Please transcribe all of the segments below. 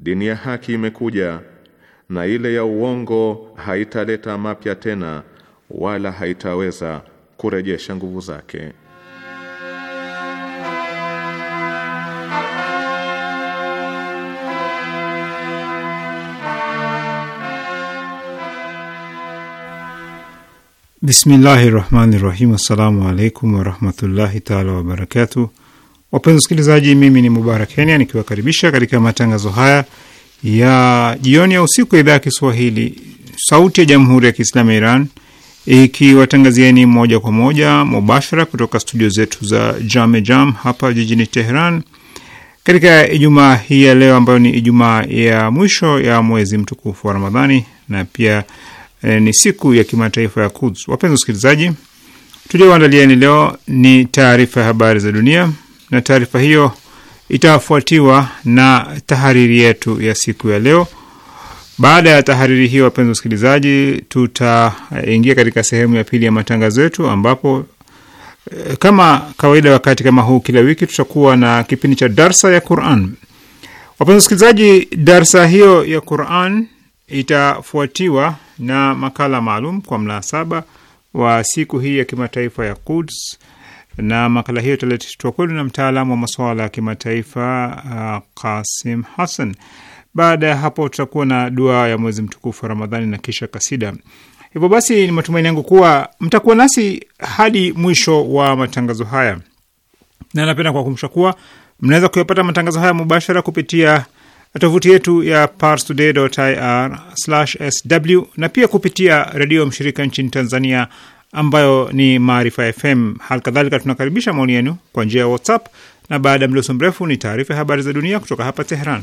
Dini ya haki imekuja na ile ya uongo haitaleta mapya tena wala haitaweza kurejesha nguvu zake. Bismillahi rahmani rahim. Assalamu alaikum warahmatullahi taala wabarakatuh. Wapenzi wasikilizaji, mimi ni Mubarak Kenya nikiwakaribisha katika matangazo haya ya jioni ya usiku ya idhaa ya Kiswahili sauti ya jamhuri ya Kiislamu ya Iran ikiwatangazieni moja kwa moja mubashara kutoka studio zetu za Jame Jam hapa jijini Teheran katika Ijumaa hii ya leo ambayo ni Ijumaa ya mwisho ya mwezi mtukufu wa Ramadhani na pia eh, ni siku ya kimataifa ya Quds. Wapenzi wasikilizaji, tulioandalieni leo ni taarifa ya habari za dunia na taarifa hiyo itafuatiwa na tahariri yetu ya siku ya leo. Baada ya tahariri hiyo, wapenzi wasikilizaji, tutaingia katika sehemu ya pili ya matangazo yetu ambapo eh, kama kawaida wakati kama huu kila wiki tutakuwa na kipindi cha darsa ya Quran. Wapenzi wasikilizaji, darsa hiyo ya Quran itafuatiwa na makala maalum kwa mnasaba wa siku hii ya kimataifa ya Quds na makala hiyo italetwa kwenu na mtaalamu wa masuala ya kimataifa uh, Kasim Hassan. Baada ya hapo, tutakuwa na dua ya mwezi mtukufu wa Ramadhani na kisha kasida. Hivyo basi, ni matumaini yangu kuwa mtakuwa nasi hadi mwisho wa matangazo haya, na napenda kuwakumbusha kuwa mnaweza kuyapata matangazo haya mubashara kupitia tovuti yetu ya parstoday.ir/sw na pia kupitia redio mshirika nchini Tanzania ambayo ni Maarifa FM. Hali kadhalika tunakaribisha maoni yenu kwa njia ya WhatsApp, na baada ya mdoso mrefu ni taarifa ya habari za dunia kutoka hapa teheran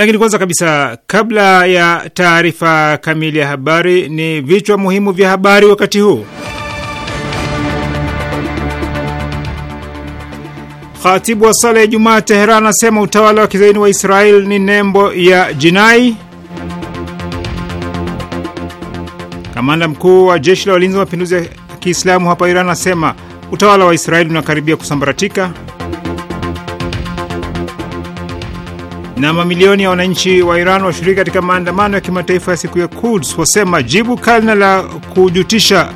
Lakini kwanza kabisa, kabla ya taarifa kamili ya habari, ni vichwa muhimu vya habari wakati huu. Khatibu wa sala ya Jumaa Teheran anasema utawala wa kizaini wa Israel ni nembo ya jinai. Kamanda mkuu wa jeshi la walinzi wa mapinduzi ya Kiislamu hapa Iran anasema utawala wa Israeli unakaribia kusambaratika. Na mamilioni ya wananchi wa Iran washiriki katika maandamano ya kimataifa ya siku ya Quds wasema jibu kalna la kujutisha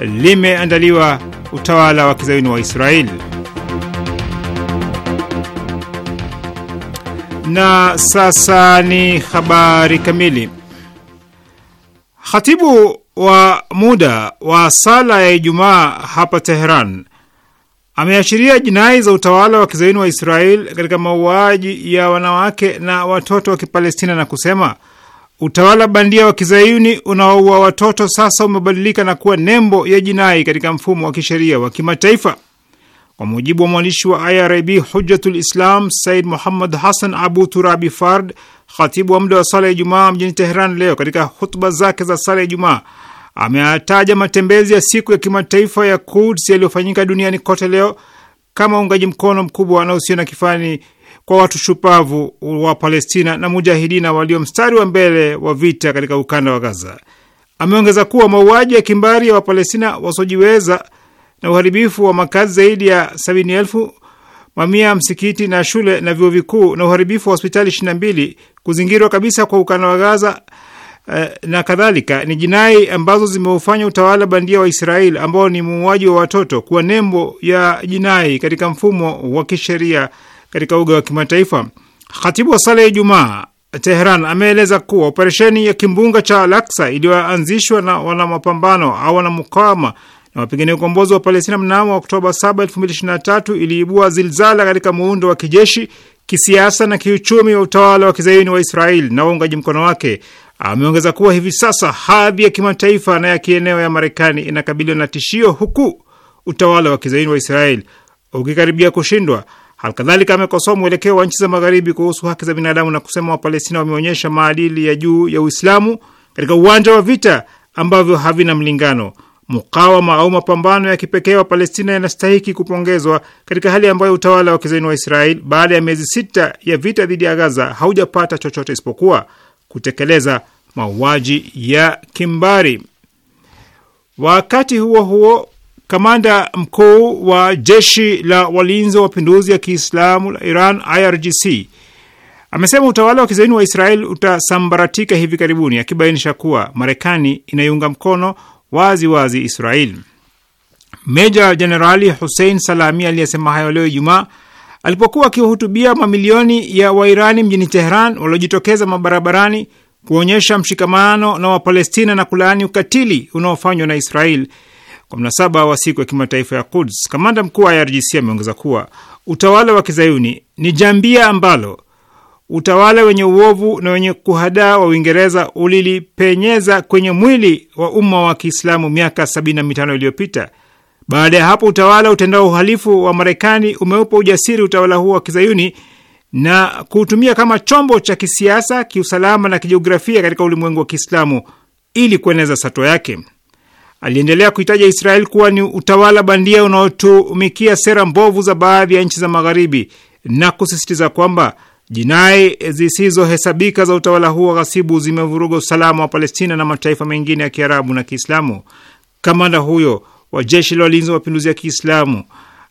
limeandaliwa utawala wa kizayuni wa Israeli. Na sasa ni habari kamili. Khatibu wa muda wa sala ya Ijumaa hapa Teheran ameashiria jinai za utawala wa kizaini wa Israel katika mauaji ya wanawake na watoto wa Kipalestina na kusema utawala bandia wa kizayuni unaoua watoto sasa umebadilika na kuwa nembo ya jinai katika mfumo wa kisheria wa kimataifa. Kwa mujibu wa mwandishi wa IRIB Hujjatul Islam Said Muhammad Hassan Abu Turabi Fard, khatibu wa muda wa sala ya Ijumaa mjini Teheran leo, katika hutuba zake za sala ya Ijumaa Ameataja matembezi ya siku ya kimataifa ya Quds yaliyofanyika duniani kote leo kama uungaji mkono mkubwa na usio na kifani kwa watu shupavu wa Palestina na mujahidina walio mstari wa mbele wa vita katika ukanda wa Gaza. Ameongeza kuwa mauaji ya kimbari ya Wapalestina wasiojiweza na uharibifu wa makazi zaidi ya sabini elfu mamia ya msikiti na shule na vyuo vikuu na uharibifu wa hospitali 22 kuzingirwa kabisa kwa ukanda wa Gaza Eh, na kadhalika ni jinai ambazo zimeufanya utawala bandia wa Israeli ambao ni muuaji wa watoto kuwa nembo ya jinai katika mfumo wa kisheria katika uga wa kimataifa. Khatibu wa sala ya Ijumaa Tehran ameeleza kuwa operesheni ya kimbunga cha Al-Aqsa iliyoanzishwa na wanamapambano au wanamukawama na wapigania ukombozi wa Palestina mnamo Oktoba 7, 2023 iliibua zilzala katika muundo wa kijeshi, kisiasa na kiuchumi wa utawala wa kizayuni wa Israeli na waungaji mkono wake. Ameongeza kuwa hivi sasa hadhi ya kimataifa na ya kieneo ya Marekani inakabiliwa na tishio, huku utawala wa kizaini wa Israel ukikaribia kushindwa. Halkadhalika, amekosoa mwelekeo wa nchi za Magharibi kuhusu haki za binadamu na kusema Wapalestina wameonyesha maadili ya juu ya Uislamu katika uwanja wa vita ambavyo havina mlingano. Mukawama au mapambano ya kipekee wa Palestina yanastahiki kupongezwa katika hali ambayo utawala wa kizaini wa Israel baada ya miezi sita ya vita dhidi ya Gaza haujapata chochote isipokuwa kutekeleza mauaji ya kimbari. Wakati huo huo, kamanda mkuu wa jeshi la walinzi wa mapinduzi ya Kiislamu la Iran IRGC amesema utawala wa kizaini wa Israel utasambaratika hivi karibuni, akibainisha kuwa Marekani inaiunga mkono wazi wazi Israel. Meja Jenerali Hussein Salami aliyesema hayo leo Ijumaa alipokuwa akiwahutubia mamilioni ya Wairani mjini Teheran waliojitokeza mabarabarani kuonyesha mshikamano na Wapalestina na kulaani ukatili unaofanywa na Israel kwa mnasaba wa siku ya kimataifa ya Quds. Kamanda mkuu wa IRGC ameongeza kuwa utawala wa kizayuni ni jambia ambalo utawala wenye uovu na wenye kuhadaa wa Uingereza ulilipenyeza kwenye mwili wa umma wa Kiislamu miaka 75 iliyopita baada ya hapo utawala utendao uhalifu wa Marekani umeupa ujasiri utawala huo wa kizayuni na kuutumia kama chombo cha kisiasa, kiusalama na kijiografia katika ulimwengu wa Kiislamu ili kueneza sato yake. Aliendelea kuitaja Israel kuwa ni utawala bandia unaotumikia sera mbovu za baadhi ya nchi za Magharibi na kusisitiza kwamba jinai zisizohesabika za utawala huo wa ghasibu zimevuruga usalama wa Palestina na mataifa mengine ya Kiarabu na Kiislamu. Kamanda huyo wa jeshi la walinzi wa mapinduzi ya Kiislamu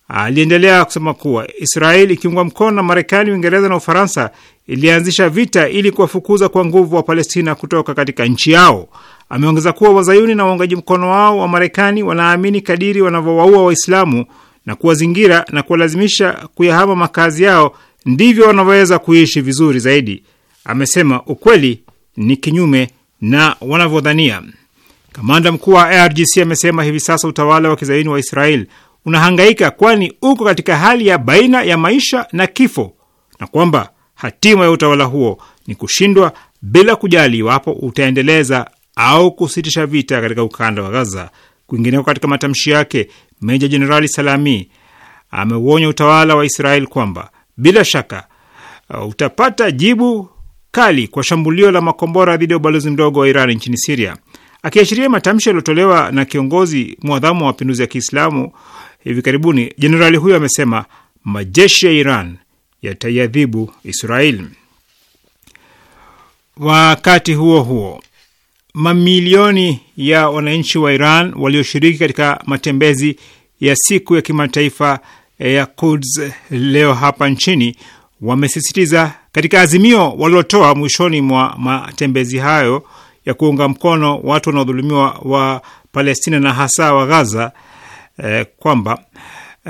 aliendelea kusema kuwa Israel ikiungwa mkono na Marekani, Uingereza na Ufaransa ilianzisha vita ili kuwafukuza kwa nguvu wa Palestina kutoka katika nchi yao. Ameongeza kuwa wazayuni na waungaji mkono wao wa Marekani wanaamini kadiri wanavyowaua Waislamu na kuwazingira na kuwalazimisha kuyahama makazi yao ndivyo wanavyoweza kuishi vizuri zaidi. Amesema ukweli ni kinyume na wanavyodhania. Kamanda mkuu wa IRGC amesema hivi sasa utawala wa kizaini wa Israel unahangaika, kwani uko katika hali ya baina ya maisha na kifo, na kwamba hatima ya utawala huo ni kushindwa bila kujali iwapo utaendeleza au kusitisha vita katika ukanda wa Gaza. Kwingineko, katika matamshi yake, meja jenerali Salami ameuonya utawala wa Israel kwamba bila shaka uh, utapata jibu kali kwa shambulio la makombora dhidi ya ubalozi mdogo wa Iran nchini Siria. Akiashiria matamshi yaliyotolewa na kiongozi mwadhamu wa mapinduzi ya Kiislamu hivi karibuni, jenerali huyo amesema majeshi ya Iran yataiadhibu Israel. Wakati huo huo, mamilioni ya wananchi wa Iran walioshiriki katika matembezi ya siku ya kimataifa ya Quds leo hapa nchini wamesisitiza katika azimio walilotoa mwishoni mwa matembezi hayo ya kuunga mkono watu wanaodhulumiwa wa Palestina na hasa wa Gaza eh, kwamba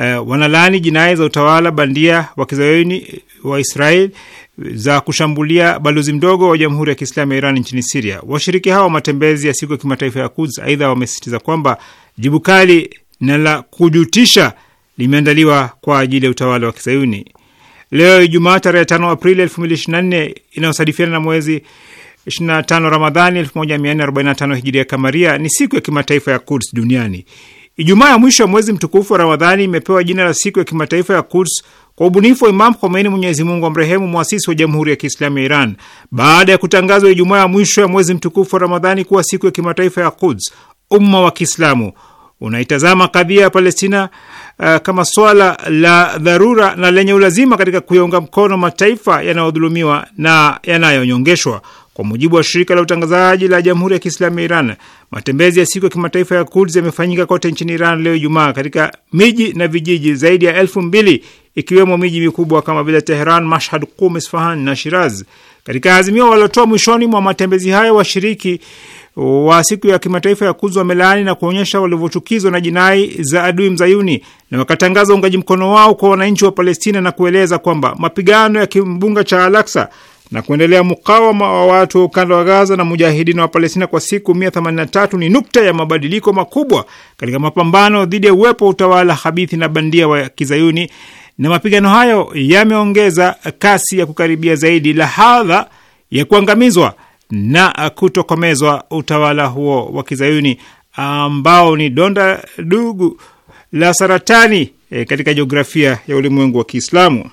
eh, wanalaani jinai za utawala bandia wa kizayuni eh, wa Israel za kushambulia balozi mdogo wa Jamhuri ya Kiislamu ya Iran nchini Siria. Washiriki hao wa matembezi ya siku ya kimataifa ya Quds aidha wamesisitiza kwamba jibu kali na la kujutisha limeandaliwa kwa ajili ya utawala wa kizayuni. Leo Ijumaa tarehe 5 Aprili 2024 inayosadifiana na mwezi 25 Ramadhani 1445 hijiria kamaria ni siku ya kimataifa ya Quds duniani. Ijumaa ya mwisho ya mwezi mtukufu wa Ramadhani imepewa jina la siku ya kimataifa ya Quds kwa ubunifu wa Imam Khomeini, Mwenyezi Mungu amrehemu, mwasisi wa Jamhuri ya Kiislamu ya Iran. Baada ya kutangazwa Ijumaa ya mwisho ya mwezi mtukufu wa Ramadhani kuwa siku ya kimataifa ya Quds, umma wa Kiislamu unaitazama kadhia ya Palestina uh, kama swala la dharura na lenye ulazima katika kuyaunga mkono mataifa yanayodhulumiwa na yanayonyongeshwa. ya kwa mujibu wa shirika la utangazaji la Jamhuri ya Kiislamu ya Iran, matembezi ya siku ya kimataifa ya Quds yamefanyika kote nchini Iran leo Ijumaa katika miji na vijiji zaidi ya elfu mbili ikiwemo miji mikubwa kama vile Teheran, Mashhad, Qum, Isfahan na Shiraz. Katika azimio waliotoa mwishoni mwa matembezi hayo, washiriki wa siku ya kimataifa ya Quds wamelaani na kuonyesha walivyochukizwa na jinai za adui mzayuni na wakatangaza uungaji mkono wao kwa wananchi wa Palestina na kueleza kwamba mapigano ya kimbunga cha Al-Aqsa na kuendelea mukawama wa watu wa ukanda wa Gaza na mujahidina wa Palestina kwa siku 183 ni nukta ya mabadiliko makubwa katika mapambano dhidi ya uwepo wa utawala habithi na bandia wa Kizayuni, na mapigano hayo yameongeza kasi ya kukaribia zaidi lahadha ya kuangamizwa na kutokomezwa utawala huo wa Kizayuni ambao ni donda dugu la saratani eh, katika jiografia ya ulimwengu wa Kiislamu.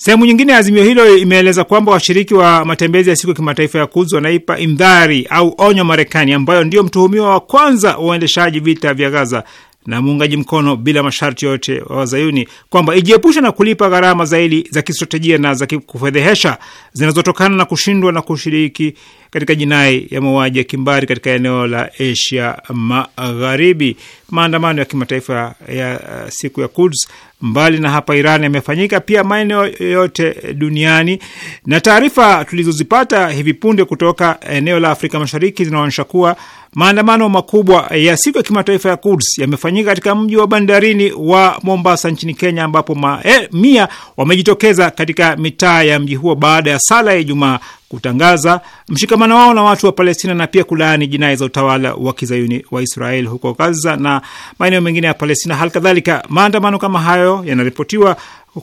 Sehemu nyingine ya azimio hilo imeeleza kwamba washiriki wa matembezi ya siku ya kimataifa ya Quds wanaipa indhari au onyo Marekani, ambayo ndiyo mtuhumiwa wa kwanza wa uendeshaji vita vya Gaza na muungaji mkono bila masharti yote wa Wazayuni, kwamba ijiepusha na kulipa gharama zaidi za kistratejia na za kufedhehesha zinazotokana na kushindwa na kushiriki katika jinai ya mauaji ya kimbari katika eneo la Asia Magharibi. Maandamano ya kimataifa ya siku ya Quds mbali na hapa Iran yamefanyika pia maeneo yote duniani, na taarifa tulizozipata hivi punde kutoka eneo la Afrika Mashariki zinaonyesha kuwa Maandamano makubwa ya siku ya kimataifa ya Quds yamefanyika katika mji wa bandarini wa Mombasa nchini Kenya, ambapo mamia eh, wamejitokeza katika mitaa ya mji huo baada ya sala ya Ijumaa kutangaza mshikamano wao na watu wa Palestina na pia kulaani jinai za utawala wa kizayuni wa Israel huko Gaza na maeneo mengine ya Palestina. Hali kadhalika maandamano kama hayo yanaripotiwa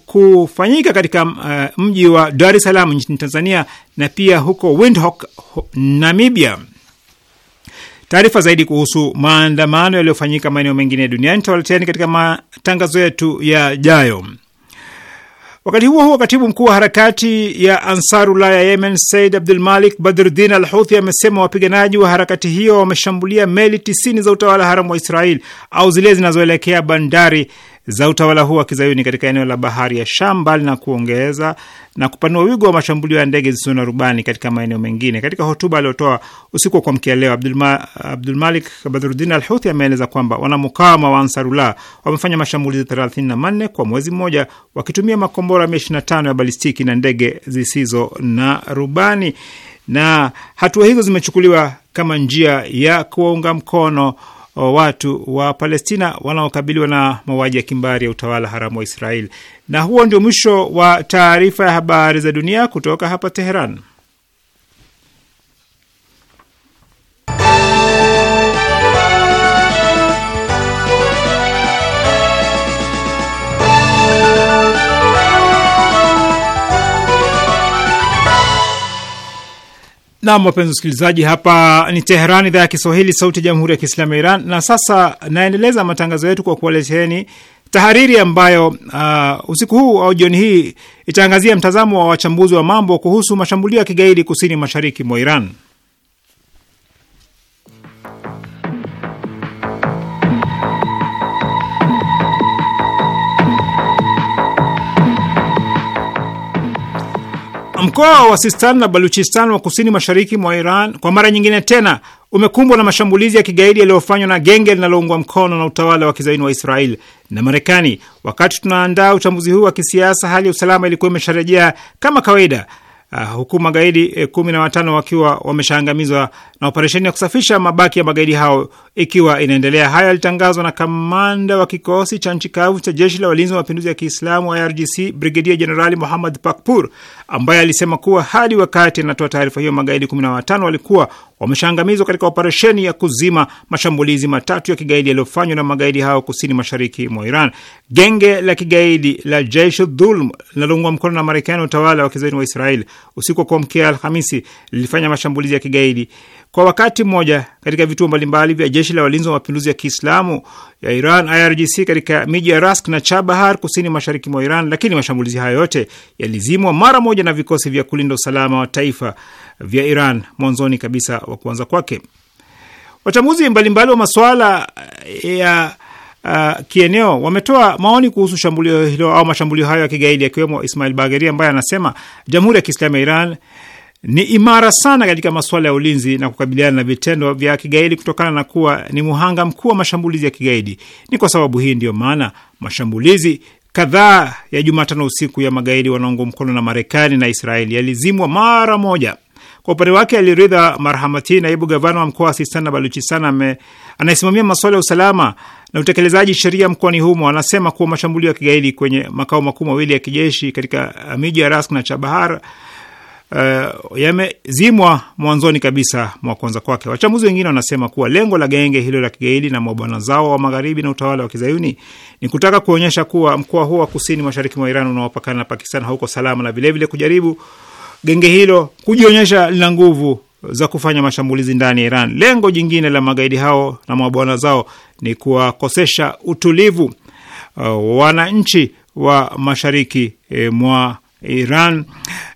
kufanyika katika uh, mji wa Dar es Salaam nchini Tanzania na pia huko Windhoek, Namibia. Taarifa zaidi kuhusu maandamano yaliyofanyika maeneo mengine duniani tawaleteni katika matangazo yetu yajayo. Wakati huo huo, katibu mkuu wa harakati ya Ansarullah ya Yemen Said Abdul Malik Badruddin Al Houthi amesema wapiganaji wa harakati hiyo wameshambulia meli tisini za utawala haramu wa Israel au zile zinazoelekea bandari za utawala huo wa kizayuni katika eneo la bahari ya Sham, mbali na kuongeza na kupanua wigo wa mashambulio ya ndege zisizo na rubani katika maeneo mengine. Katika hotuba aliyotoa usiku wa kuamkia leo, Abdulmalik Badhrudin al Huthi ameeleza kwamba wanamukawama wa Ansarullah wamefanya mashambulizi 34 kwa mwezi mmoja wakitumia makombora 125 ya balistiki na ndege zisizo na rubani, na hatua hizo zimechukuliwa kama njia ya kuwaunga mkono watu wa Palestina wanaokabiliwa na mauaji ya kimbari ya utawala haramu wa Israeli. Na huo ndio mwisho wa taarifa ya habari za dunia kutoka hapa Teheran. Nam, wapenzi wasikilizaji, hapa ni Teheran, idhaa ya Kiswahili, sauti ya jamhuri ya kiislamu ya Iran. Na sasa naendeleza matangazo yetu kwa kuwaleteni tahariri ambayo uh, usiku huu au jioni hii itaangazia mtazamo wa wachambuzi wa mambo kuhusu mashambulio ya kigaidi kusini mashariki mwa Iran. Mkoa wa Sistan na Baluchistan wa kusini mashariki mwa Iran kwa mara nyingine tena umekumbwa na mashambulizi ya kigaidi yaliyofanywa na genge linaloungwa mkono na utawala wa kizaini wa Israel na Marekani. Wakati tunaandaa uchambuzi huu wa kisiasa, hali ya usalama ilikuwa imesharejea kama kawaida, uh, huku magaidi eh, kumi na watano wakiwa wameshaangamizwa na operesheni ya kusafisha mabaki ya magaidi hao ikiwa inaendelea. Hayo yalitangazwa na kamanda wa kikosi cha nchi kavu cha jeshi la walinzi wa mapinduzi ya Kiislamu IRGC, Brigedia Jenerali Muhammad Pakpur ambaye alisema kuwa hadi wakati anatoa taarifa hiyo magaidi 15 walikuwa wameshaangamizwa katika operesheni ya kuzima mashambulizi matatu ya kigaidi yaliyofanywa na magaidi hao kusini mashariki mwa Iran. Genge la kigaidi la Jaish Dhulm linaloungwa mkono na Marekani utawala wa kizaini wa Israel usiku wa kuamkia Alhamisi lilifanya mashambulizi ya kigaidi kwa wakati mmoja katika vituo mbalimbali vya jeshi la walinzi wa mapinduzi ya Kiislamu ya Iran IRGC katika miji ya Rask na Chabahar kusini mashariki mwa Iran, lakini mashambulizi hayo yote yalizimwa mara moja na vikosi vya kulinda usalama wa taifa vya Iran mwanzoni kabisa wa kuanza kwake. Wachambuzi mbalimbali wa masuala eh, ya uh, kieneo wametoa maoni kuhusu shambulio hilo au mashambulio hayo ya kigaidi, akiwemo Ismail Bagheri ambaye anasema Jamhuri ya Kiislamu ya Iran ni imara sana katika masuala ya ulinzi na kukabiliana na vitendo vya kigaidi kutokana na kuwa ni muhanga mkuu wa mashambulizi ya kigaidi. Ni kwa sababu hii ndiyo maana mashambulizi kadhaa ya Jumatano usiku ya magaidi wanaungwa mkono na Marekani na Israeli yalizimwa mara moja. Kwa upande wake, Aliridha Marhamati, naibu gavana wa mkoa wa Sistan na Baluchistan anayesimamia masuala ya usalama na utekelezaji sheria mkoani humo, anasema kuwa mashambulio ya kigaidi kwenye makao makuu mawili ya kijeshi katika miji ya Rask na Chabahar uh, yamezimwa mwanzoni kabisa mwa kwanza kwake. Wachambuzi wengine wanasema kuwa lengo la genge hilo la kigaidi na mabwana zao wa magharibi na utawala wa kizayuni ni kutaka kuonyesha kuwa mkoa huo wa kusini mashariki mwa Iran unaopakana na Pakistan hauko salama na vilevile kujaribu genge hilo kujionyesha lina nguvu za kufanya mashambulizi ndani ya Iran. Lengo jingine la magaidi hao na mabwana zao ni kuwakosesha utulivu uh, wananchi wa mashariki eh, mwa Iran,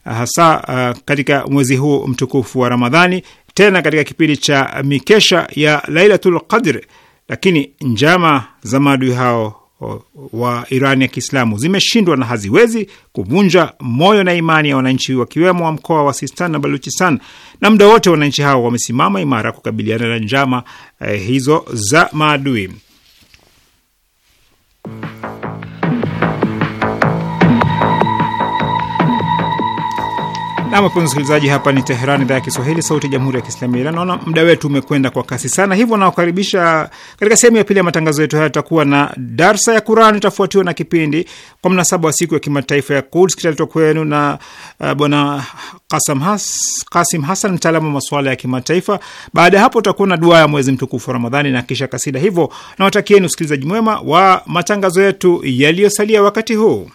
hasa uh, katika mwezi huu mtukufu wa Ramadhani, tena katika kipindi cha mikesha ya Lailatul Qadr. Lakini njama za maadui hao uh, wa Iran ya Kiislamu zimeshindwa na haziwezi kuvunja moyo na imani ya wananchi wakiwemo wa mkoa wa Sistan na Baluchistan, na muda wote wananchi hao wamesimama imara kukabiliana na njama eh, hizo za maadui. Na mpenzi msikilizaji, hapa ni Teheran, idhaa ya Kiswahili, sauti ya jamhuri ya kiislamu ya Iran. Naona muda wetu umekwenda kwa kasi sana, hivyo nawakaribisha katika sehemu ya pili ya matangazo yetu haya. Tutakuwa na darsa ya Quran, itafuatiwa na kipindi kwa mnasaba wa siku ya kimataifa ya Quds, kitaletwa kwenu na uh, bwana Kasim, Has, Kasim Hasan, mtaalamu wa masuala ya kimataifa. Baada ya hapo, tutakuwa na dua ya mwezi mtukufu wa Ramadhani na kisha kasida. Hivyo nawatakieni usikilizaji mwema wa matangazo yetu yaliyosalia wakati huu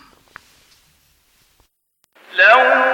Law.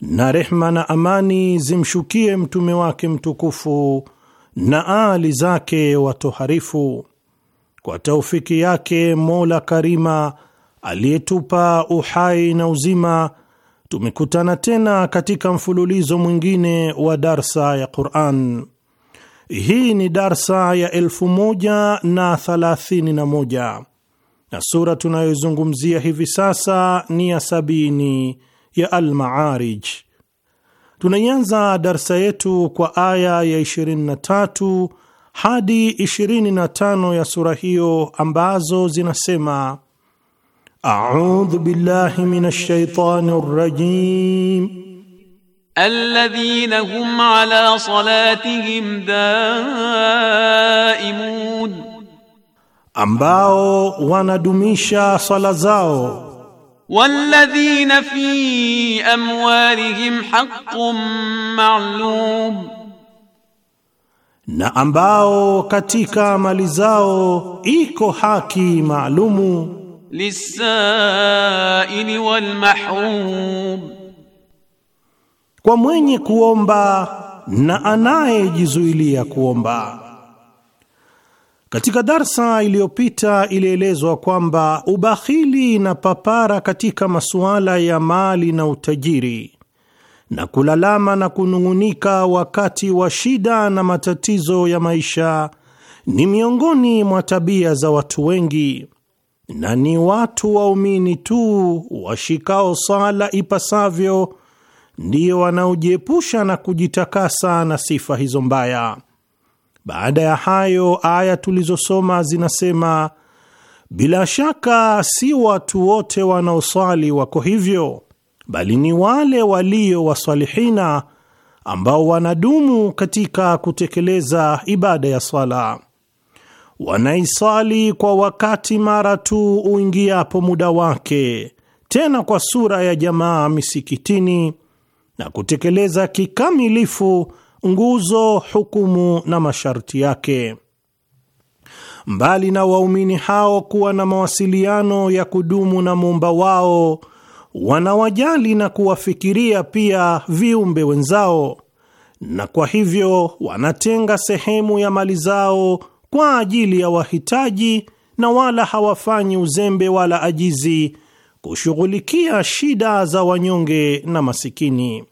na rehma na amani zimshukie mtume wake mtukufu na aali zake watoharifu. Kwa taufiki yake Mola Karima aliyetupa uhai na uzima, tumekutana tena katika mfululizo mwingine wa darsa ya Quran. Hii ni darsa ya elfu moja na thalathini na moja na sura tunayozungumzia hivi sasa ni ya sabini ya Al-Maarij. Tunaianza darsa yetu kwa aya ya 23 hadi 25 ya sura hiyo ambazo zinasema: audhu billahi minash shaitani rrajim alladhina hum ala salatihim daimun, ambao wanadumisha sala zao walladhina fi amwalihim haqqun ma'lum, na ambao katika mali zao iko haki maalumu. Lisaili wal mahrum, kwa mwenye kuomba na anayejizuilia kuomba. Katika darsa iliyopita ilielezwa kwamba ubakhili na papara katika masuala ya mali na utajiri na kulalama na kunung'unika wakati wa shida na matatizo ya maisha ni miongoni mwa tabia za watu wengi, na ni watu waumini tu washikao sala ipasavyo ndiyo wanaojiepusha na kujitakasa na sifa hizo mbaya. Baada ya hayo, aya tulizosoma zinasema bila shaka si watu wote wanaosali wako hivyo, bali ni wale walio wasalihina ambao wanadumu katika kutekeleza ibada ya swala. Wanaisali kwa wakati mara tu uingiapo muda wake, tena kwa sura ya jamaa misikitini, na kutekeleza kikamilifu nguzo, hukumu na masharti yake. Mbali na waumini hao kuwa na mawasiliano ya kudumu na muumba wao, wanawajali na kuwafikiria pia viumbe wenzao, na kwa hivyo wanatenga sehemu ya mali zao kwa ajili ya wahitaji na wala hawafanyi uzembe wala ajizi kushughulikia shida za wanyonge na masikini.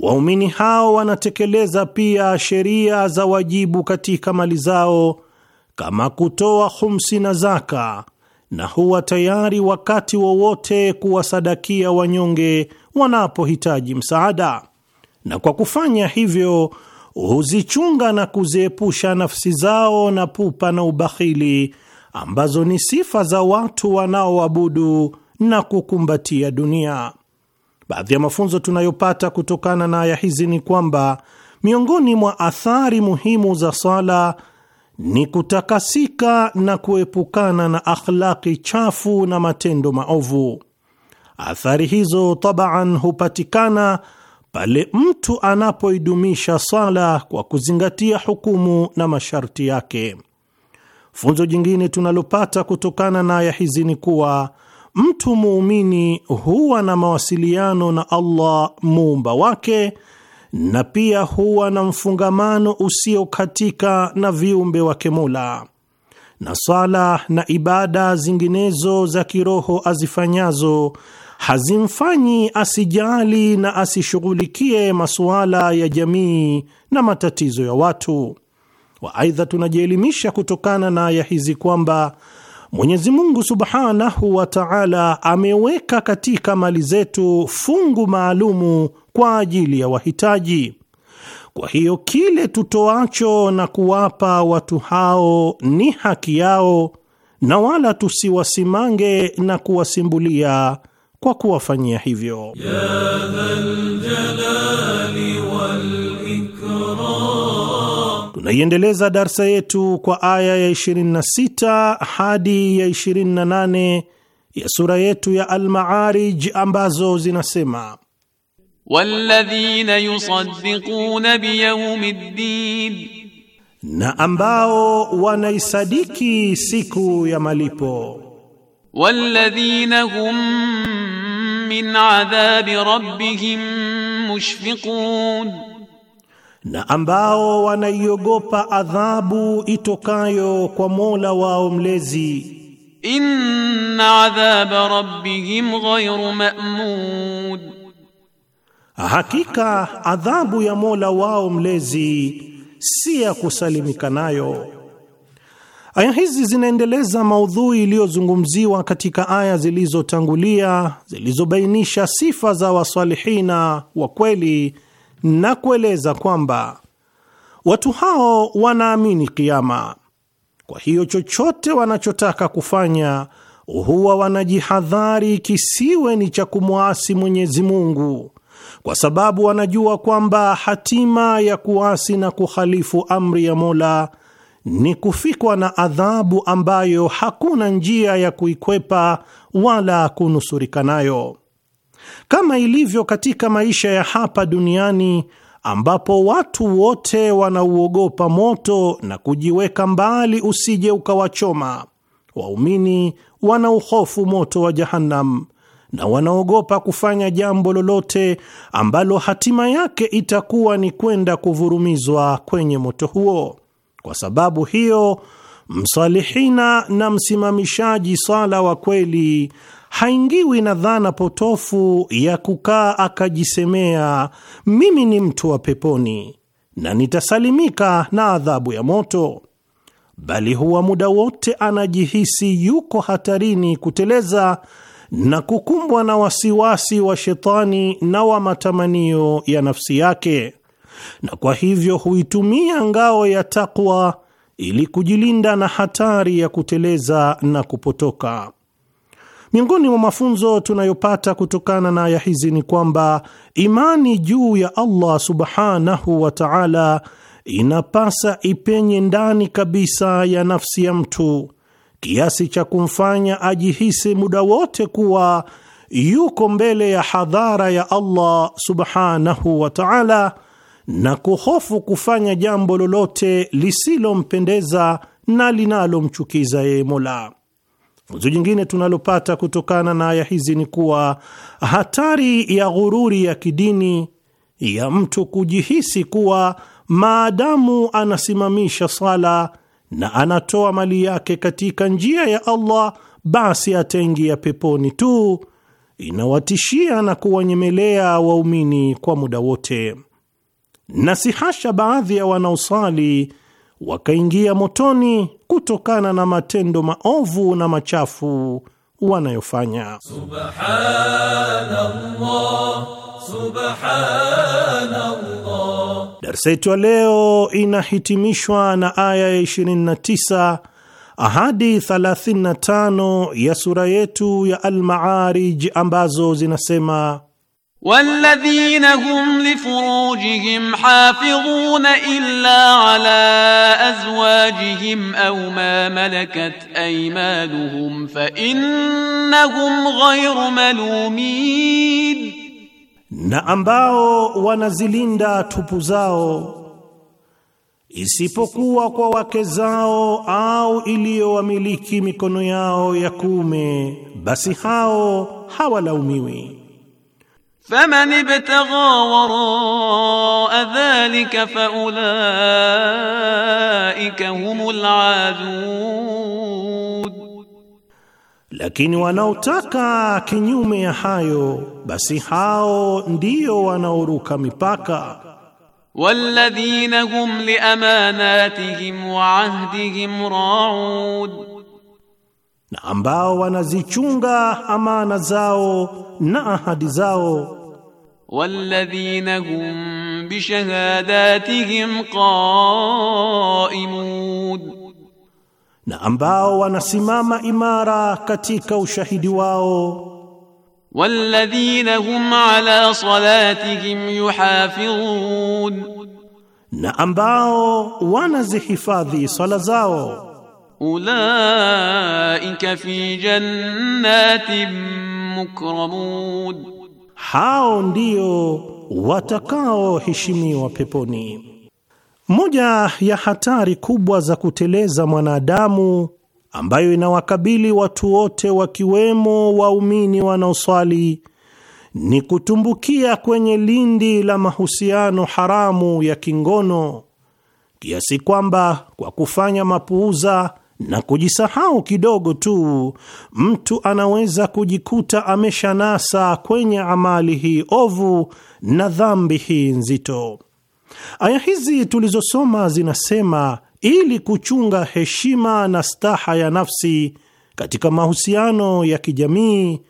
Waumini hao wanatekeleza pia sheria za wajibu katika mali zao kama kutoa khumsi na zaka, na huwa tayari wakati wowote kuwasadakia wanyonge wanapohitaji msaada, na kwa kufanya hivyo huzichunga na kuziepusha nafsi zao na pupa na ubakhili ambazo ni sifa za watu wanaoabudu na kukumbatia dunia. Baadhi ya mafunzo tunayopata kutokana na aya hizi ni kwamba miongoni mwa athari muhimu za sala ni kutakasika na kuepukana na akhlaki chafu na matendo maovu. Athari hizo tabaan hupatikana pale mtu anapoidumisha sala kwa kuzingatia hukumu na masharti yake. Funzo jingine tunalopata kutokana na aya hizi ni kuwa mtu muumini huwa na mawasiliano na Allah muumba wake na pia huwa na mfungamano usiokatika na viumbe wake Mola, na sala na ibada zinginezo za kiroho azifanyazo hazimfanyi asijali na asishughulikie masuala ya jamii na matatizo ya watu wa. Aidha, tunajielimisha kutokana na aya hizi kwamba Mwenyezi Mungu Subhanahu wa Ta'ala ameweka katika mali zetu fungu maalumu kwa ajili ya wahitaji. Kwa hiyo kile tutoacho na kuwapa watu hao ni haki yao, na wala tusiwasimange na kuwasimbulia kwa kuwafanyia hivyo ya tunaiendeleza darsa yetu kwa aya ya 26 hadi ya 28 ya sura yetu ya Al-Ma'arij ambazo zinasema walladhina yusaddiquna biyawmiddin, na ambao wanaisadiki siku ya malipo. Walladhina hum min adhabi rabbihim mushfiqun na ambao wanaiogopa adhabu itokayo kwa Mola wao mlezi. Inna adhaba rabbihim ghayru ma'mud, hakika adhabu ya Mola wao mlezi si ya kusalimika nayo. Aya hizi zinaendeleza maudhui iliyozungumziwa katika aya zilizotangulia zilizobainisha sifa za wasalihina wa kweli na kueleza kwamba watu hao wanaamini kiama, kwa hiyo chochote wanachotaka kufanya huwa wanajihadhari kisiwe ni cha kumwasi Mwenyezi Mungu, kwa sababu wanajua kwamba hatima ya kuasi na kuhalifu amri ya Mola ni kufikwa na adhabu ambayo hakuna njia ya kuikwepa wala kunusurika nayo. Kama ilivyo katika maisha ya hapa duniani ambapo watu wote wanauogopa moto na kujiweka mbali usije ukawachoma, waumini wanauhofu moto wa Jahannam na wanaogopa kufanya jambo lolote ambalo hatima yake itakuwa ni kwenda kuvurumizwa kwenye moto huo. Kwa sababu hiyo, msalihina na msimamishaji sala wa kweli haingiwi na dhana potofu ya kukaa akajisemea mimi ni mtu wa peponi na nitasalimika na adhabu ya moto, bali huwa muda wote anajihisi yuko hatarini kuteleza na kukumbwa na wasiwasi wa shetani na wa matamanio ya nafsi yake, na kwa hivyo huitumia ngao ya takwa ili kujilinda na hatari ya kuteleza na kupotoka. Miongoni mwa mafunzo tunayopata kutokana na aya hizi ni kwamba imani juu ya Allah subhanahu wa ta'ala inapasa ipenye ndani kabisa ya nafsi ya mtu kiasi cha kumfanya ajihisi muda wote kuwa yuko mbele ya hadhara ya Allah subhanahu wa ta'ala na kuhofu kufanya jambo lolote lisilompendeza na linalomchukiza yeye Mola. Funzo jingine tunalopata kutokana na aya hizi ni kuwa hatari ya ghururi ya kidini ya mtu kujihisi kuwa maadamu anasimamisha sala na anatoa mali yake katika njia ya Allah basi ataingia peponi tu, inawatishia na kuwanyemelea waumini kwa muda wote, na si hasha baadhi ya wanaosali wakaingia motoni kutokana na matendo maovu na machafu wanayofanya. Subhanallah, subhanallah. Darsa yetu ya leo inahitimishwa na aya ya 29 ahadi 35 ya sura yetu ya Al-Ma'arij ambazo zinasema walladhina hum lifurujihim hafidhuna illa ala أزواجهم أو ما ملكت أيمانهم فإنهم غير ملومين na ambao wanazilinda tupu zao isipokuwa kwa wake zao au iliyowamiliki mikono yao ya kuume, basi hao hawalaumiwi. فمن ابتغى وراء ذلك فأولئك هم العادون lakini wanaotaka kinyume ya hayo basi hao ndiyo wanaoruka mipaka walladhina hum liamanatihim wa ahdihim raun na ambao wanazichunga amana zao na ahadi zao. walladhina hum bi qaimun, na ambao wanasimama imara katika ushahidi wao. walladhina hum ala salatihim yuhafidhun, na ambao wanazihifadhi sala zao ulaika fi jannatin mukramun, hao ndio watakaoheshimiwa peponi. Moja ya hatari kubwa za kuteleza mwanadamu ambayo inawakabili watu wote wakiwemo waumini wanaoswali ni kutumbukia kwenye lindi la mahusiano haramu ya kingono kiasi kwamba kwa kufanya mapuuza na kujisahau kidogo tu, mtu anaweza kujikuta ameshanasa kwenye amali hii ovu na dhambi hii nzito. Aya hizi tulizosoma zinasema ili kuchunga heshima na staha ya nafsi katika mahusiano ya kijamii,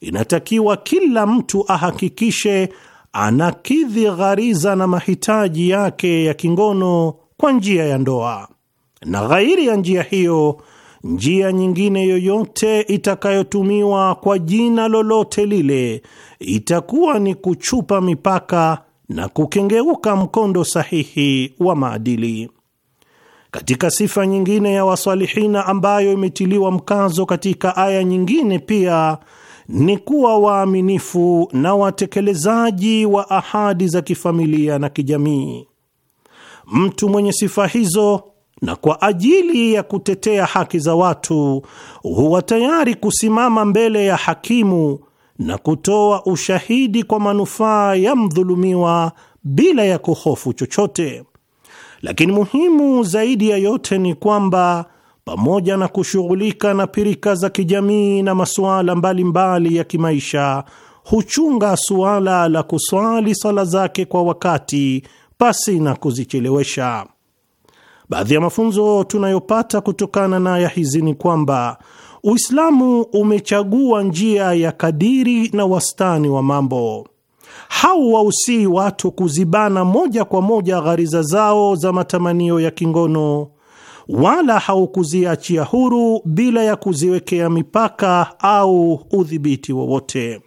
inatakiwa kila mtu ahakikishe anakidhi ghariza na mahitaji yake ya kingono kwa njia ya ndoa na ghairi ya njia hiyo, njia nyingine yoyote itakayotumiwa kwa jina lolote lile itakuwa ni kuchupa mipaka na kukengeuka mkondo sahihi wa maadili. Katika sifa nyingine ya wasalihina ambayo imetiliwa mkazo katika aya nyingine pia ni kuwa waaminifu na watekelezaji wa ahadi za kifamilia na kijamii. Mtu mwenye sifa hizo na kwa ajili ya kutetea haki za watu huwa tayari kusimama mbele ya hakimu na kutoa ushahidi kwa manufaa ya mdhulumiwa bila ya kuhofu chochote. Lakini muhimu zaidi ya yote ni kwamba pamoja na kushughulika na pirika za kijamii na masuala mbalimbali ya kimaisha, huchunga suala la kuswali sala zake kwa wakati pasi na kuzichelewesha. Baadhi ya mafunzo tunayopata kutokana na aya hizi ni kwamba Uislamu umechagua njia ya kadiri na wastani wa mambo. wausii watu kuzibana moja kwa moja ghariza zao za matamanio ya kingono, wala haukuziachia huru bila ya kuziwekea mipaka au udhibiti wowote.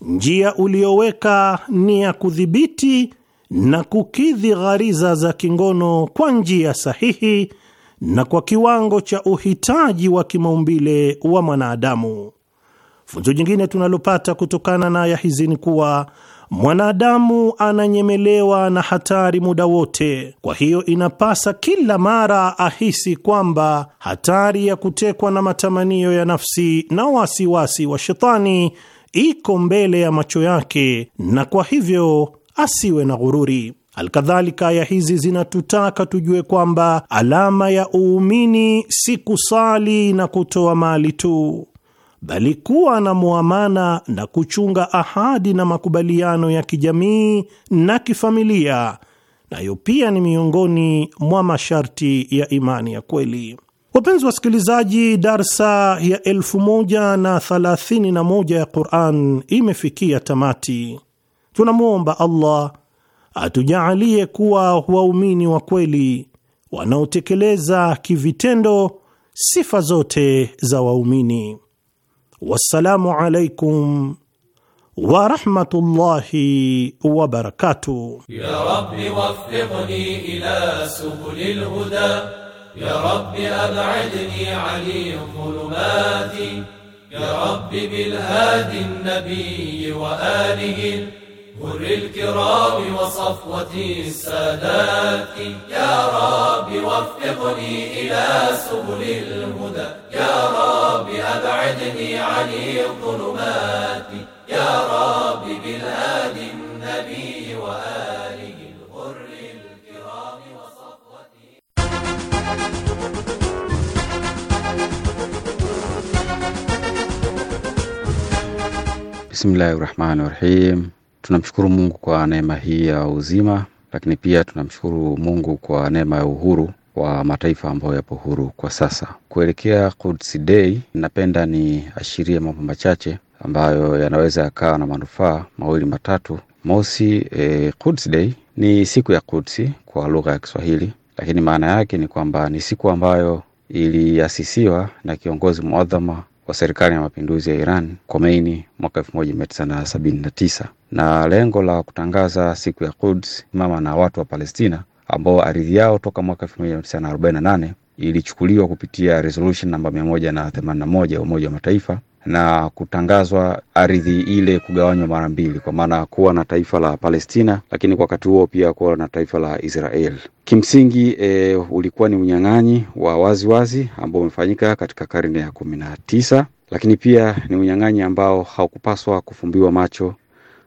Njia uliyoweka ni ya kudhibiti na kukidhi ghariza za kingono kwa njia sahihi na kwa kiwango cha uhitaji wa kimaumbile wa mwanadamu. Funzo jingine tunalopata kutokana na aya hizi ni kuwa mwanadamu ananyemelewa na hatari muda wote. Kwa hiyo inapasa kila mara ahisi kwamba hatari ya kutekwa na matamanio ya nafsi na wasiwasi wasi wa shetani iko mbele ya macho yake, na kwa hivyo asiwe na ghururi. Alkadhalika, aya hizi zinatutaka tujue kwamba alama ya uumini si kusali na kutoa mali tu, bali kuwa na muamana na kuchunga ahadi na makubaliano ya kijamii na kifamilia, nayo pia ni miongoni mwa masharti ya imani ya kweli. Wapenzi wasikilizaji, darsa ya 131 ya Quran imefikia tamati. Tunamwomba Allah atujaalie kuwa waumini wa kweli wanaotekeleza kivitendo sifa zote za waumini. Wassalamu alaikum wa rahmatullahi wa barakatuh. Ya Rabbi waffiqni ila ya Rabbi ab'idni ani dhulumati ya Rabbi bil hadi an wa alihi كل الكرام وصفوة السادات يا رب وفقني إلى سبل الهدى يا رب أبعدني عن الظلمات يا رب بالهادي النبي وآله الغر الكرام وصفوته بسم الله الرحمن الرحيم Tunamshukuru Mungu kwa neema hii ya uzima, lakini pia tunamshukuru Mungu kwa neema ya uhuru wa mataifa ambayo yapo huru kwa sasa. Kuelekea Quds Day, napenda ni ashirie mambo machache ambayo yanaweza yakawa na manufaa mawili matatu. Mosi, eh, Quds Day ni siku ya Quds kwa lugha ya Kiswahili, lakini maana yake ni kwamba ni siku ambayo iliasisiwa na kiongozi mwadhama wa serikali ya mapinduzi ya Iran Khomeini mwaka 1979 na lengo la kutangaza siku ya Quds mama na watu wa Palestina ambao ardhi yao toka mwaka 1948 ilichukuliwa kupitia resolution namba 181 ya Umoja wa Mataifa na kutangazwa ardhi ile kugawanywa mara mbili, kwa maana kuwa na taifa la Palestina, lakini kwa wakati huo pia kuwa na taifa la Israel. Kimsingi e, ulikuwa ni unyang'anyi wa waziwazi ambao umefanyika katika karne ya kumi na tisa, lakini pia ni unyang'anyi ambao haukupaswa kufumbiwa macho,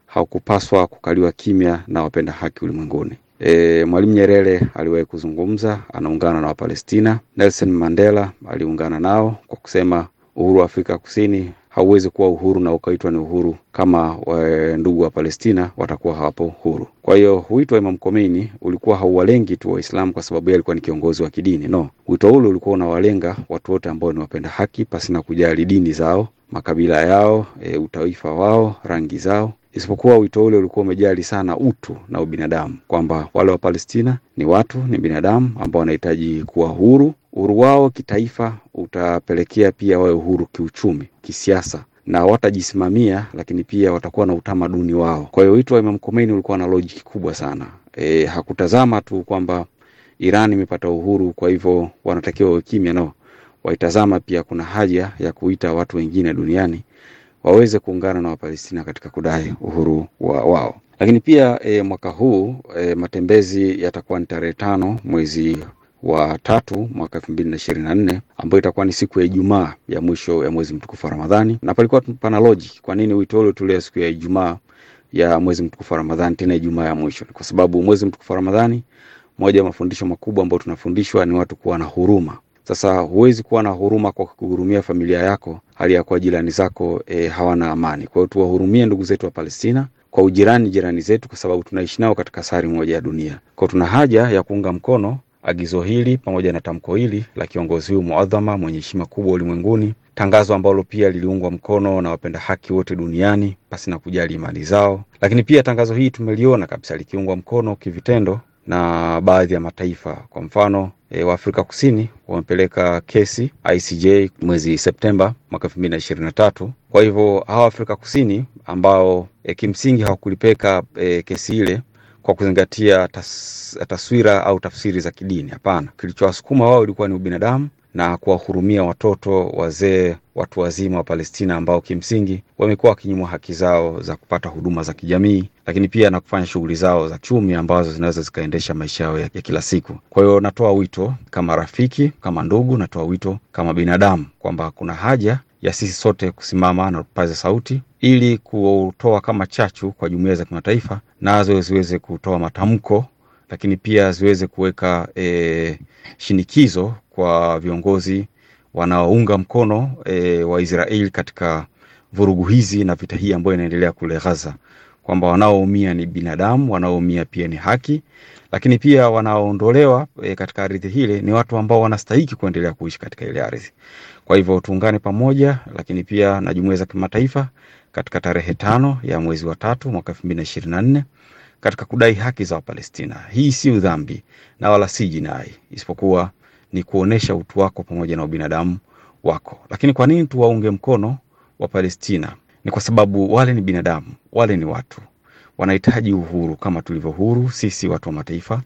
haukupaswa kukaliwa kimya na wapenda haki ulimwenguni. E, Mwalimu Nyerere aliwahi kuzungumza, anaungana na Wapalestina. Nelson Mandela aliungana nao kwa kusema uhuru wa Afrika Kusini hauwezi kuwa uhuru na ukaitwa ni uhuru kama e, ndugu wa Palestina watakuwa hawapo huru. Kwa hiyo huitwa Imam Khomeini ulikuwa hauwalengi tu Waislamu kwa sababu yeye alikuwa ni kiongozi wa kidini. No, wito ule ulikuwa unawalenga watu wote ambao ni wapenda haki pasina kujali dini zao, makabila yao, e, utaifa wao, rangi zao isipokuwa wito ule ulikuwa umejali sana utu na ubinadamu, kwamba wale wa Palestina ni watu, ni binadamu ambao wanahitaji kuwa huru Uhuru wao kitaifa utapelekea pia wawe uhuru kiuchumi, kisiasa na watajisimamia, lakini pia watakuwa na utamaduni wao. Kwa hiyo wito wa Imam Khomeini ulikuwa na logic kubwa sana. E, hakutazama tu kwamba Iran imepata uhuru, kwa hivyo wanatakiwa wawe kimya, no, waitazama pia kuna haja ya kuita watu wengine duniani waweze kuungana na Wapalestina katika kudai uhuru wa wao. Lakini pia e, mwaka huu e, matembezi yatakuwa ni tarehe tano mwezi wa tatu mwaka elfu mbili na ishirini na nne ambayo itakuwa ni siku ya Ijumaa ya mwisho ya mwezi mtukufu wa Ramadhani, na palikuwa pana loji, kwa nini wito ule tulia siku ya Ijumaa ya mwezi mtukufu wa Ramadhani, tena Ijumaa ya mwisho? Kwa sababu mwezi mtukufu wa Ramadhani, moja ya mafundisho makubwa ambayo tunafundishwa ni watu kuwa na huruma. Sasa huwezi kuwa na huruma kwa kuhurumia familia yako hali ya kuwa jirani zako e, hawana amani. Kwa hiyo tuwahurumie ndugu zetu wa Palestina kwa ujirani jirani zetu, kwa sababu tunaishi nao katika sari moja ya dunia. Kwa tuna haja ya kuunga mkono Agizo hili pamoja na tamko hili la kiongozi huyu muadhama mwenye heshima kubwa ulimwenguni, tangazo ambalo pia liliungwa mkono na wapenda haki wote duniani pasi na kujali imani zao, lakini pia tangazo hili tumeliona kabisa likiungwa mkono kivitendo na baadhi ya mataifa. Kwa mfano e, wa Afrika Kusini wamepeleka kesi ICJ mwezi Septemba mwaka 2023. Kwa hivyo hawa Afrika Kusini ambao e, kimsingi hawakulipeka e, kesi ile kwa kuzingatia tas, taswira au tafsiri za kidini. Hapana, kilichowasukuma wao ilikuwa ni ubinadamu na kuwahurumia watoto, wazee, watu wazima wa Palestina ambao kimsingi wamekuwa wakinyimwa haki zao za kupata huduma za kijamii, lakini pia na kufanya shughuli zao za chumi ambazo zinaweza zikaendesha maisha yao ya, ya kila siku. Kwa hiyo natoa wito kama rafiki, kama ndugu, natoa wito kama binadamu kwamba kuna haja ya sisi sote kusimama na kupaza sauti ili kutoa kama chachu kwa jumuiya za kimataifa nazo ziweze kutoa matamko, lakini pia ziweze kuweka e, shinikizo kwa viongozi wanaounga mkono e, wa Israeli katika vurugu hizi na vita hii ambayo inaendelea kule Gaza kwamba wanaoumia ni binadamu, wanaoumia pia ni haki, lakini pia wanaoondolewa e, katika ardhi hile ni watu ambao wanastahiki kuendelea kuishi katika ile ardhi. Kwa hivyo tuungane pamoja, lakini pia na jumuiya za kimataifa katika tarehe tano ya mwezi wa tatu mwaka elfu mbili na ishirini na nne katika kudai haki za Wapalestina. Hii si udhambi na wala si jinai, isipokuwa ni kuonyesha utu wako pamoja na ubinadamu wako. Lakini kwa nini tuwaunge mkono Wapalestina? Ni kwa sababu wale ni binadamu, wale ni watu wanahitaji uhuru kama tulivyo huru sisi watu wa mataifa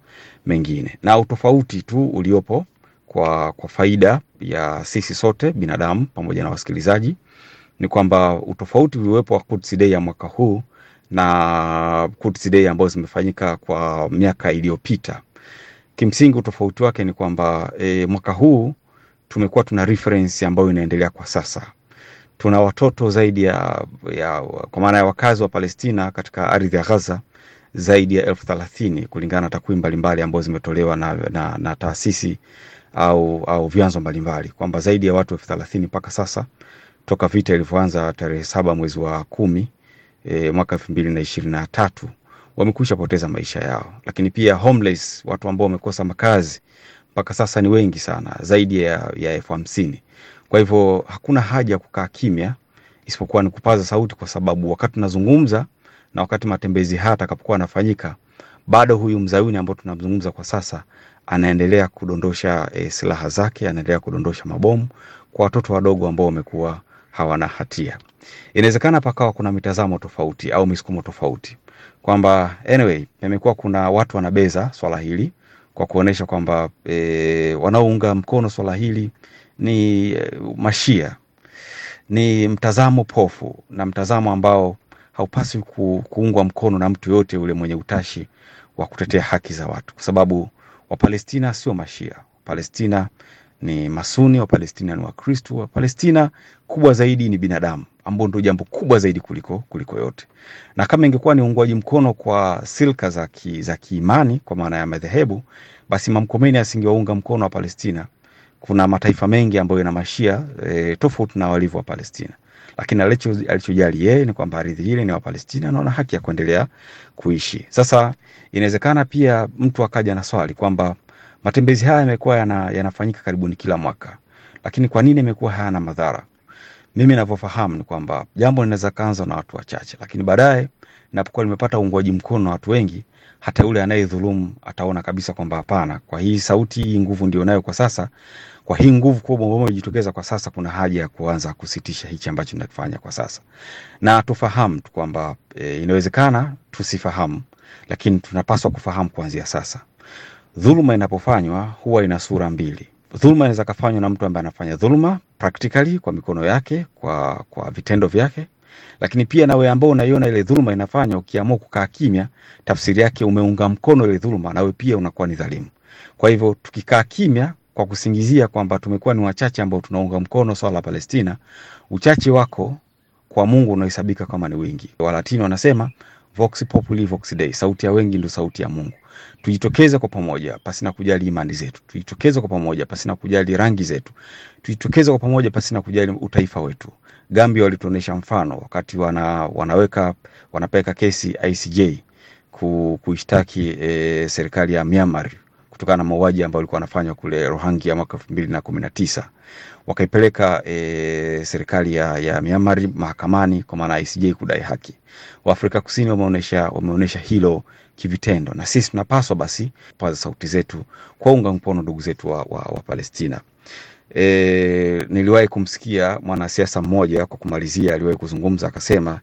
mengine, na utofauti tu uliopo kwa, kwa faida ya sisi sote binadamu pamoja na wasikilizaji ni kwamba utofauti uliowepo wa Quds Day ya mwaka huu na Quds Day ambazo zimefanyika kwa miaka iliyopita, kimsingi utofauti wake ni kwamba e, mwaka huu tumekuwa tuna reference ambayo inaendelea kwa sasa tuna watoto zaidi ya, ya kwa maana ya wakazi wa Palestina katika ardhi ya Gaza zaidi ya elfu thelathini kulingana na takwimu mbalimbali ambazo zimetolewa na, na, na taasisi au, au vyanzo mbalimbali kwamba zaidi ya watu elfu thelathini mpaka sasa toka vita ilivyoanza tarehe saba mwezi wa kumi e, mwaka elfu mbili na ishirini na tatu wamekwisha poteza maisha yao, lakini pia homeless, watu ambao wamekosa makazi mpaka sasa ni wengi sana zaidi ya, ya elfu hamsini kwa hivyo hakuna haja ya kukaa kimya, isipokuwa ni kupaza sauti, kwa sababu wakati tunazungumza na wakati matembezi haya atakapokuwa anafanyika, bado huyu mzayuni ambao tunamzungumza kwa sasa anaendelea kudondosha e, silaha zake, anaendelea kudondosha mabomu kwa watoto wadogo ambao wamekuwa hawana hatia. Inawezekana pakawa kuna mitazamo tofauti au misukumo tofauti kwamba anyway, imekuwa kuna watu wanabeza swala hili kwa kuonesha kwamba e, wanaounga mkono swala hili ni eh, mashia, ni mtazamo pofu na mtazamo ambao haupaswi ku, kuungwa mkono na mtu yoyote yule mwenye utashi wa kutetea haki za watu, kwa sababu Wapalestina sio mashia. Wapalestina ni Masuni, Wapalestina ni Wakristu. Wapalestina kubwa zaidi ni binadamu, ambao ndio jambo kubwa zaidi kuliko kuliko yote. Na kama ingekuwa ni uungwaji mkono kwa silka za ki, kiimani kwa maana ya madhehebu, basi mamkomeni asingewaunga mkono wa Palestina kuna mataifa mengi ambayo yana mashia e, tofauti na walivyo wa Palestina, lakini alichojali yeye ni kwamba ardhi ile ni wa Palestina na wana haki ya kuendelea kuishi. Sasa inawezekana pia mtu akaja na swali kwamba matembezi haya yamekuwa yana, yanafanyika karibuni kila mwaka, lakini kwa nini imekuwa hayana madhara? Mimi ninavyofahamu ni kwamba jambo linaweza kaanza na watu wachache, lakini baadaye napokuwa limepata uungwaji mkono na watu wengi, hata yule anayedhulumu ataona kabisa kwamba hapana, kwa hii sauti, hii nguvu ndio nayo kwa sasa kwa hii nguvu kubwa ambayo imejitokeza kwa sasa, kuna haja ya kuanza kusitisha hichi ambacho nakifanya kwa sasa, na tufahamu tu kwamba e, inawezekana tusifahamu, lakini tunapaswa kufahamu kuanzia sasa. Dhuluma inapofanywa huwa ina sura mbili. Dhuluma inaweza kafanywa na mtu ambaye anafanya dhuluma practically kwa mikono yake, kwa, kwa vitendo vyake lakini pia na wewe ambao unaiona ile dhuluma inafanywa, ukiamua kukaa kimya, tafsiri yake umeunga mkono ile dhuluma, na wewe pia unakuwa ni dhalimu. Kwa hivyo tukikaa kimya kwa kusingizia kwamba tumekuwa ni wachache ambao tunaunga mkono swala la Palestina, uchache wako kwa Mungu unahesabika kama ni wingi. Walatini wanasema vox populi vox dei, sauti ya wengi ndio sauti ya Mungu. Tujitokeze kwa pamoja pasina kujali imani zetu, tujitokeze kwa pamoja pasina kujali rangi zetu, tujitokeze kwa pamoja pasina kujali utaifa wetu. Gambia walituonyesha mfano wakati wana, wanaweka wanapeka kesi ICJ ku, kuishtaki eh, serikali ya Myanmar kutokana na mauaji ambayo alikuwa anafanywa kule Rohingya mwaka elfu mbili na kumi na tisa. Wakaipeleka e, serikali ya, ya Myanmar mahakamani kwa maana ICJ kudai haki. Waafrika Kusini wameonyesha wameonyesha hilo kivitendo, na sisi tunapaswa basi paza sauti zetu kuwaunga mkono ndugu zetu wa, wa, wa Palestina. E, niliwahi kumsikia mwanasiasa mmoja kwa kumalizia, aliwahi kuzungumza akasema,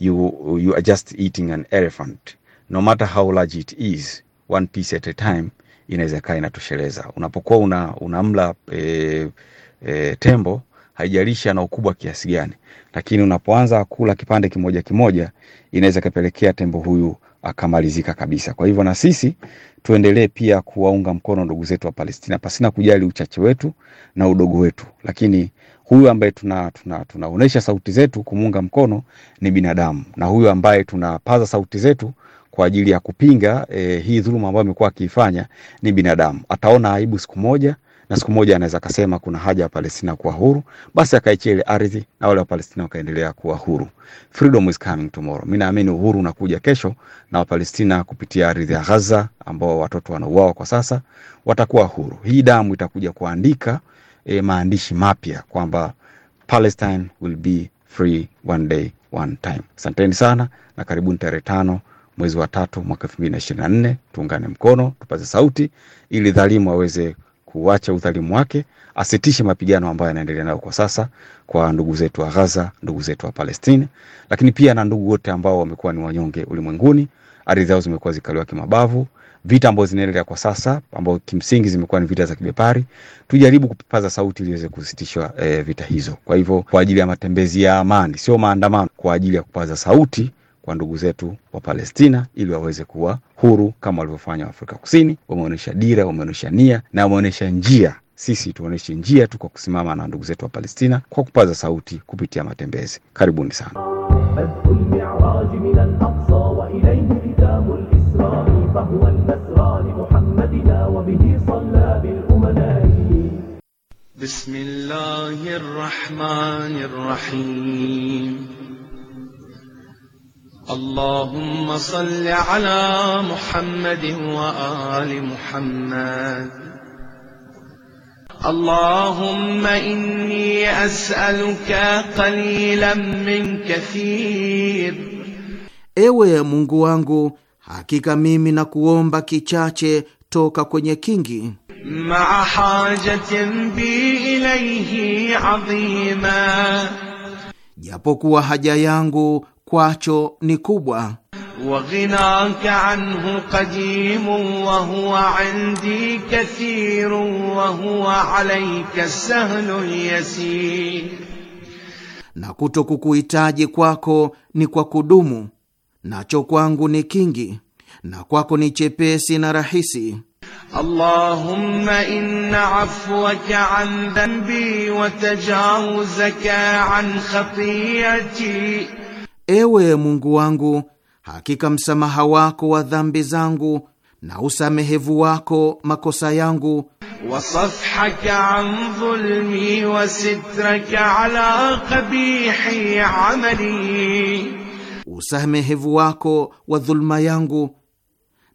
you, you are just eating an elephant no matter how large it is one piece at a time inaweza kaa inatosheleza. Unapokuwa una unamla e, e, tembo haijalishi ana ukubwa kiasi gani, lakini unapoanza kula kipande kimoja kimoja inaweza kapelekea tembo huyu akamalizika kabisa. Kwa hivyo na sisi tuendelee pia kuwaunga mkono ndugu zetu wa Palestina pasina kujali uchache wetu na udogo wetu, lakini huyu ambaye tuna, tuna, tunaonesha sauti zetu kumuunga mkono ni binadamu, na huyu ambaye tunapaza sauti zetu kwa ajili ya kupinga e, hii dhuluma ambayo amekuwa akiifanya ni binadamu. Ataona aibu siku moja na siku moja anaweza akasema kuna haja ya Palestina kuwa huru, basi akaichia ile ardhi na wale wa Palestina wakaendelea kuwa huru. Freedom is coming tomorrow. Mimi naamini uhuru unakuja kesho, na Wapalestina kupitia ardhi ya Gaza ambao watoto wanauawa kwa sasa watakuwa huru. Hii damu itakuja kuandika e, maandishi mapya kwamba Palestine will be free one day one time. Asanteni sana na karibuni tarehe tano mwezi wa tatu mwaka elfu mbili na na ishirini nne. Tuungane mkono, tupaze sauti ili dhalimu aweze kuacha udhalimu wake, asitishe mapigano ambayo yanaendelea nayo kwa sasa kwa ndugu zetu wa Gaza, ndugu zetu wa Palestina, lakini pia na ndugu wote ambao wamekuwa ni wanyonge ulimwenguni, ardhi zao zimekuwa zikaliwa kimabavu, vita ambazo zinaendelea kwa sasa ambao kimsingi zimekuwa ni vita za kibepari, tujaribu kupaza sauti iliweze kusitishwa e, vita hizo. Kwa hivyo, kwa ajili ya matembezi ya amani, sio maandamano, kwa ajili ya kupaza sauti kwa ndugu zetu wa Palestina ili waweze kuwa huru kama walivyofanya Afrika Kusini. Wameonyesha dira, wameonyesha nia na wameonyesha njia. Sisi tuonyeshe njia tu kwa kusimama na ndugu zetu wa Palestina kwa kupaza sauti kupitia matembezi. Karibuni sana. اللهم صل على محمد وآل محمد اللهم إني أسألك قليلا من كثير Ewe Mungu wangu, hakika mimi na kuomba kichache toka kwenye kingi. maa hajatin bi ilayhi adhima, japokuwa haja yangu kwacho ni kubwa. na kuto kukuhitaji kwako ni kwa kudumu, nacho kwangu ni kingi, na kwako ni chepesi na rahisi. Allahumma inna afwaka an dhanbi wa tajawuzaka an khatiyati Ewe Mungu wangu, hakika msamaha wako wa dhambi zangu na usamehevu wako makosa yangu. usamehevu wako wa dhulma yangu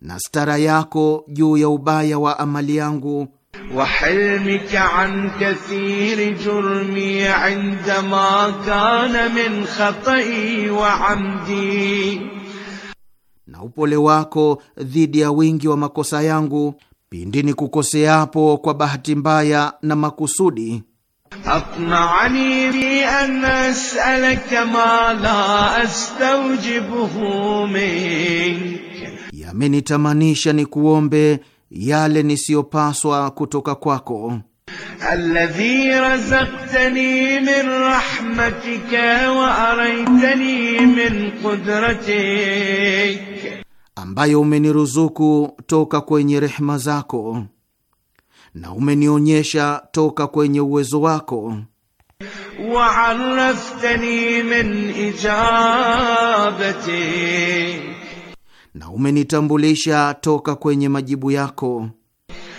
na stara yako juu ya ubaya wa amali yangu وحلمك عن كثير جرمي عندما كان من خطئي وعمدي upole wako dhidi ya wingi wa makosa yangu pindi ni kukoseapo kwa bahati mbaya na makusudi. bi an as'alaka ma la astawjibuhu min, yamenitamanisha ni kuombe yale nisiyopaswa kutoka kwako. Alladhi razaktani min rahmatika wa araitani min qudratik, ambayo umeniruzuku toka kwenye rehma zako na umenionyesha toka kwenye uwezo wako. Wa arraftani min ijabatik na umenitambulisha toka kwenye majibu yako.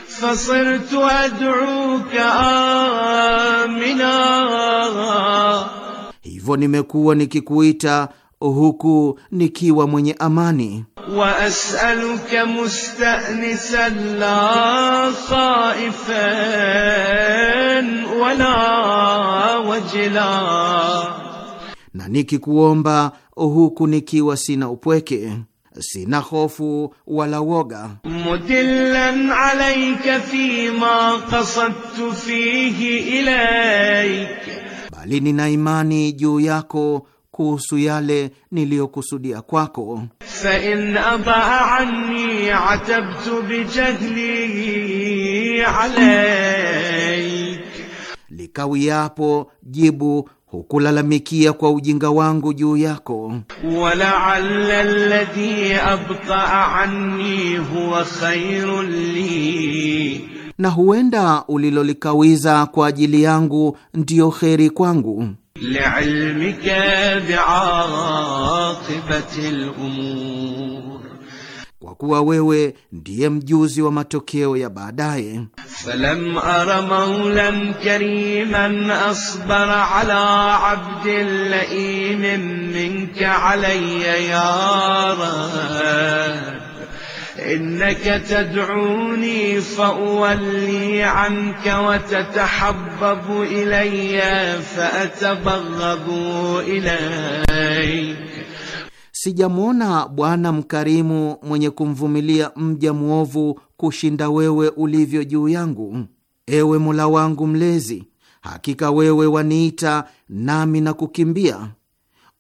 fasirtu aduka amina, hivyo nimekuwa nikikuita huku nikiwa mwenye amani. wa asaluka mustanisan la khaifan wala wajla, na nikikuomba huku nikiwa sina upweke sina hofu wala woga. mudillan alayka qasadtu fihi bali nina imani juu yako kuhusu yale niliyokusudia kwako. fain aba anni atabtu bijahli alayk, likawiyapo jibu hukulalamikia kwa ujinga wangu juu yako. walaala alladhi abtaa anni huwa khairun li, na huenda ulilolikawiza kwa ajili yangu ndiyo kheri kwangu. liilmika biaqibati lumur kwa kuwa wewe ndiye mjuzi wa matokeo ya baadaye. falam ara maulan kariman asbara ala abdin laimin minka alaya ya rab إنك تدعوني فأولي عنك وتتحبب إلي فأتبغض إليك sijamwona bwana mkarimu mwenye kumvumilia mja mwovu kushinda wewe ulivyo juu yangu. Ewe Mola wangu Mlezi, hakika wewe waniita nami na kukimbia,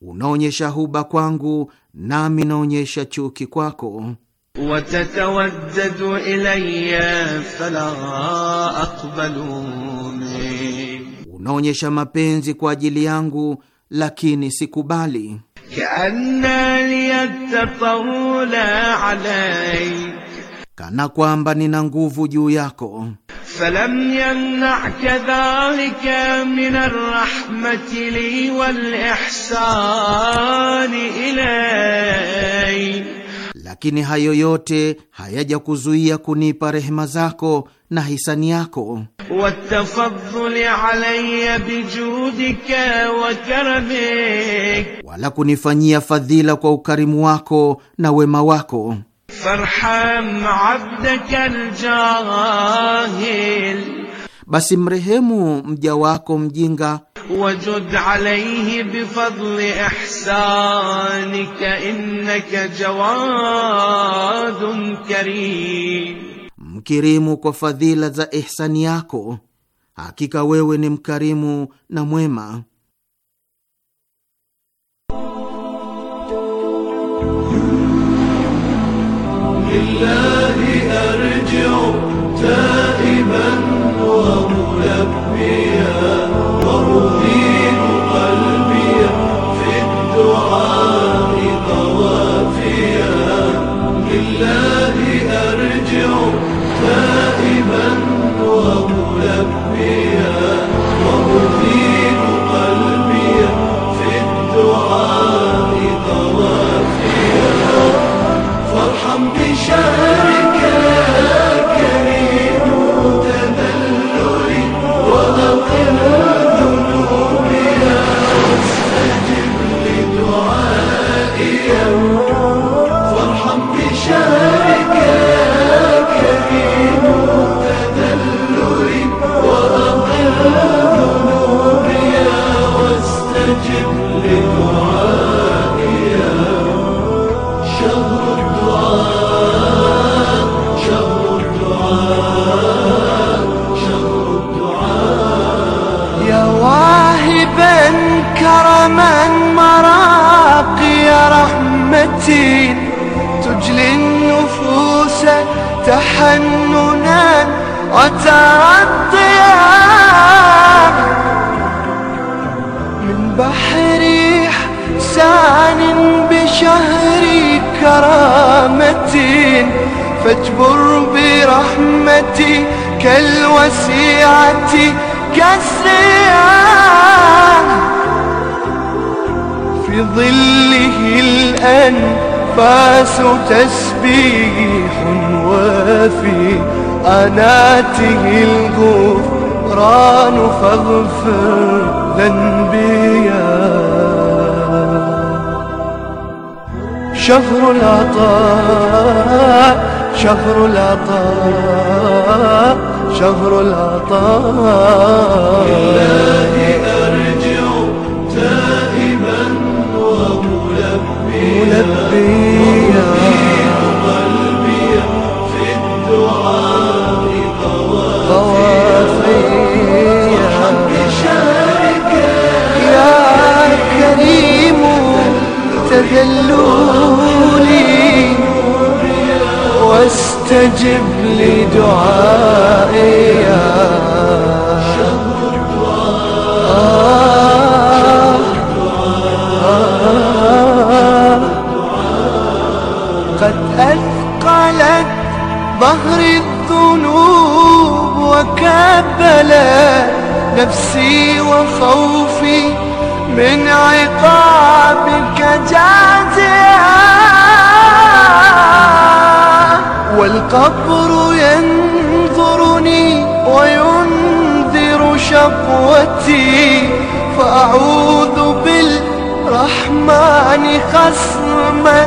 unaonyesha huba kwangu nami naonyesha chuki kwako. watatawaddadu ilayya fala aqbalu min, unaonyesha mapenzi kwa ajili yangu, lakini sikubali kana kwamba nina nguvu juu yako. falam yamnaka dhalika min arrahmati li wal ihsani lakini hayo yote hayaja kuzuia kunipa rehema zako na hisani yako wala kunifanyia fadhila kwa ukarimu wako na wema wako. Farham abdaka aljahil, basi mrehemu mja wako mjinga وجد عليه بفضل إحسانك إنك جواد كريم مكريم كفضيلة ذا إحسان ياكو حقيقة wewe ni mkarimu na لله أرجع تائبا الله أرجع تائبا وملبيا رحمتي تجلي النفوس تحننا وترضيا من بحر إحسان بشهر كرامة فاجبر برحمتي كالوسيعة كالسيان في ظله الأنفاس تسبيح وفي أناته الغفران فاغفر ذنبيا شهر العطاء شهر العطاء شهر العطاء لله ملبيا قلبي في الدعاء يا كريم واستجب لدعائي شهر آه. الدعاء أثقلت ظهري الذنوب وكبلت نفسي وخوفي من عقابك جازئا والقبر ينظرني وينذر شقوتي فأعوذ بالرحمن خصما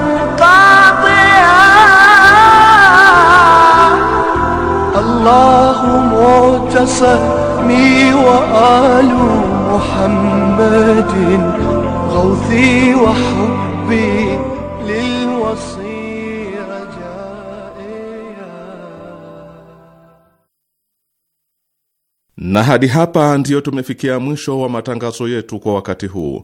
الله mutasami wa alu Muhammadin ghawthi wa Na hadi hapa ndiyo tumefikia mwisho wa matangazo yetu kwa wakati huu.